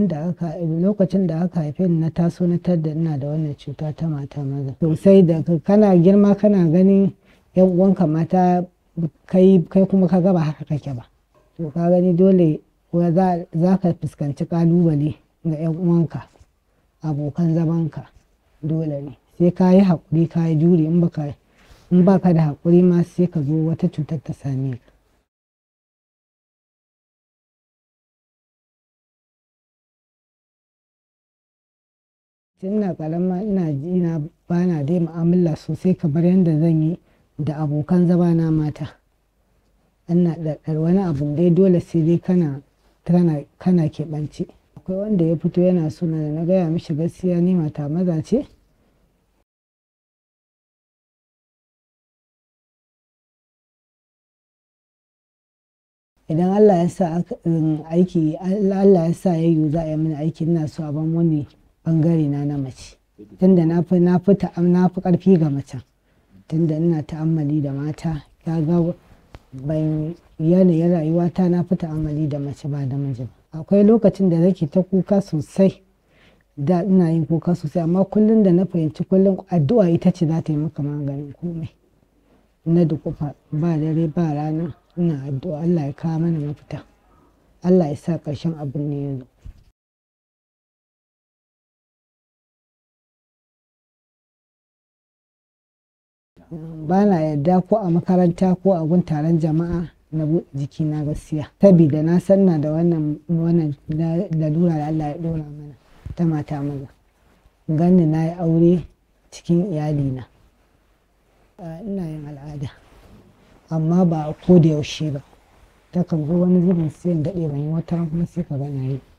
aka lokacin da aka haife ni na taso na tadda ina da wannan cuta ta mata maza sosai da kana girma kana ganin yan uwanka mata kai kai kuma ka gaba haka kake ba to ka gani dole za ka fuskanci kalubale ga yan uwanka abokan zamanka dole ne sai ka yi haƙuri ka yi jure in baka in da haƙuri ma sai ka zo wata cutar ta same ka tun na karama ina ji na bana dai mu'amala sosai kamar yadda zan yi da abokan zama na mata ina ɗaɗɗar wani abu dai dole sai dai kana kana kana keɓance akwai wanda ya fito yana suna da na gaya mishi gaskiya ni mata maza ce idan Allah ya sa um, aiki Allah ya sa ya yi za a yi mini aiki ina so a ban wani bangare na na mace tunda na fi na fi na fi karfi ga mace tunda ina ta'ammali da mata ya ga ban yanayin ta na fi ta'ammali da mace ba da miji akwai lokacin da nake ta kuka sosai da ina yin kuka sosai amma kullum da na fahimci kullum addu'a ita ce za ta yi maka maganin komai na da kufa ba dare ba rana ina addu'a Allah ya kawo mana mafita Allah ya sa ƙarshen abin ne yanzu ba na yarda ko a makaranta ko a gun taron jama'a na buɗe jiki na gaskiya Sabida na san da wannan wannan lalura da Allah ya dora mana ta mata maza ganni na yi aure cikin iyali na ina yin al'ada amma ba ko da yaushe ba takan zo wani zubin siyan daɗe ban yi wata kuma sai ka gana yi